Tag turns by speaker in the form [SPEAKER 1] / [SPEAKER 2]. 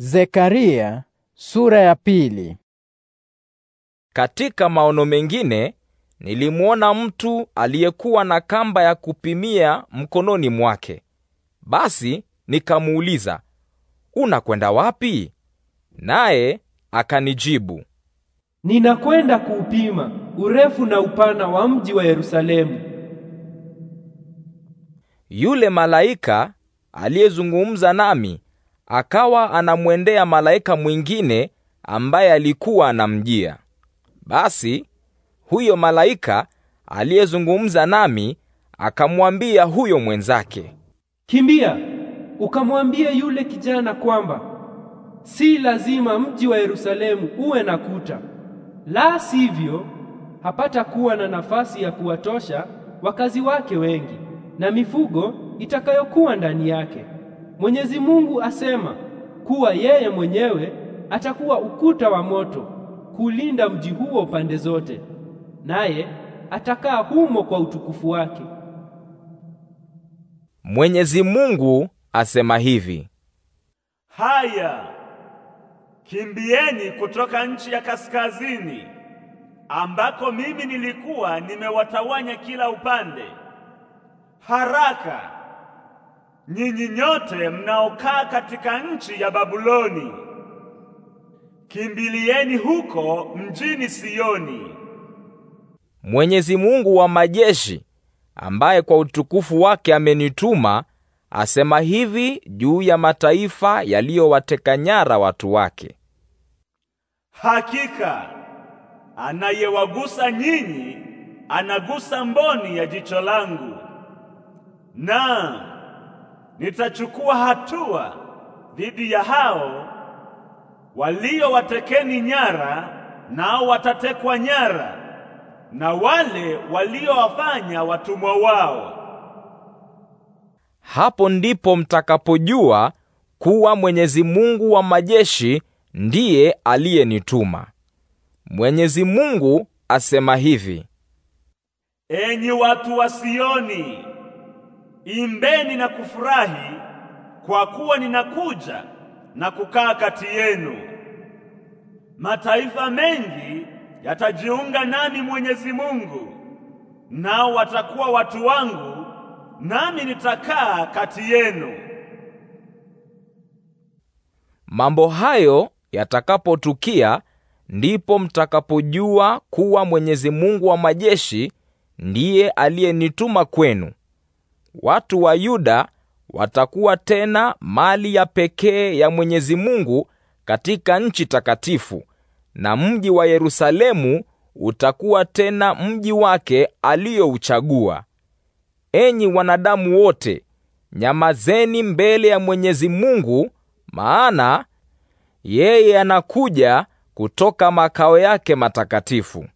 [SPEAKER 1] Zekaria sura ya pili. Katika maono mengine nilimwona mtu aliyekuwa na kamba ya kupimia mkononi mwake. Basi nikamuuliza, unakwenda wapi? Naye akanijibu,
[SPEAKER 2] ninakwenda kuupima urefu na upana wa mji wa Yerusalemu.
[SPEAKER 1] Yule malaika aliyezungumza nami akawa anamwendea malaika mwingine ambaye alikuwa anamjia. Basi huyo malaika aliyezungumza nami akamwambia huyo mwenzake,
[SPEAKER 2] kimbia ukamwambie yule kijana kwamba si lazima mji wa Yerusalemu uwe na kuta, la sivyo hapata kuwa na nafasi ya kuwatosha wakazi wake wengi, na mifugo itakayokuwa ndani yake Mwenyezi Mungu asema kuwa yeye mwenyewe atakuwa ukuta wa moto kulinda mji huo pande zote, naye atakaa humo kwa utukufu wake.
[SPEAKER 1] Mwenyezi Mungu asema hivi:
[SPEAKER 3] Haya, kimbieni kutoka nchi ya kaskazini ambako mimi nilikuwa nimewatawanya kila upande. Haraka nyinyi nyote mnaokaa katika nchi ya Babuloni, kimbilieni huko mjini Sioni.
[SPEAKER 1] Mwenyezi Mungu wa majeshi, ambaye kwa utukufu wake amenituma, asema hivi juu ya mataifa yaliyowateka nyara watu wake:
[SPEAKER 3] Hakika anayewagusa nyinyi anagusa mboni ya jicho langu na nitachukua hatua dhidi ya hao waliowatekeni nyara, nao watatekwa nyara, na wale waliowafanya watumwa wao.
[SPEAKER 1] Hapo ndipo mtakapojua kuwa Mwenyezi Mungu wa majeshi ndiye aliyenituma. Mwenyezi Mungu asema hivi:
[SPEAKER 3] Enyi watu wa Sioni, Imbeni na kufurahi, kwa kuwa ninakuja na kukaa kati yenu. Mataifa mengi yatajiunga nami, Mwenyezi Mungu, nao watakuwa watu wangu, nami nitakaa kati yenu.
[SPEAKER 1] Mambo hayo yatakapotukia, ndipo mtakapojua kuwa Mwenyezi Mungu wa majeshi ndiye aliyenituma kwenu watu wa Yuda watakuwa tena mali ya pekee ya Mwenyezi Mungu katika nchi takatifu, na mji wa Yerusalemu utakuwa tena mji wake aliyouchagua. Enyi wanadamu wote, nyamazeni mbele ya Mwenyezi Mungu, maana yeye anakuja kutoka makao yake matakatifu.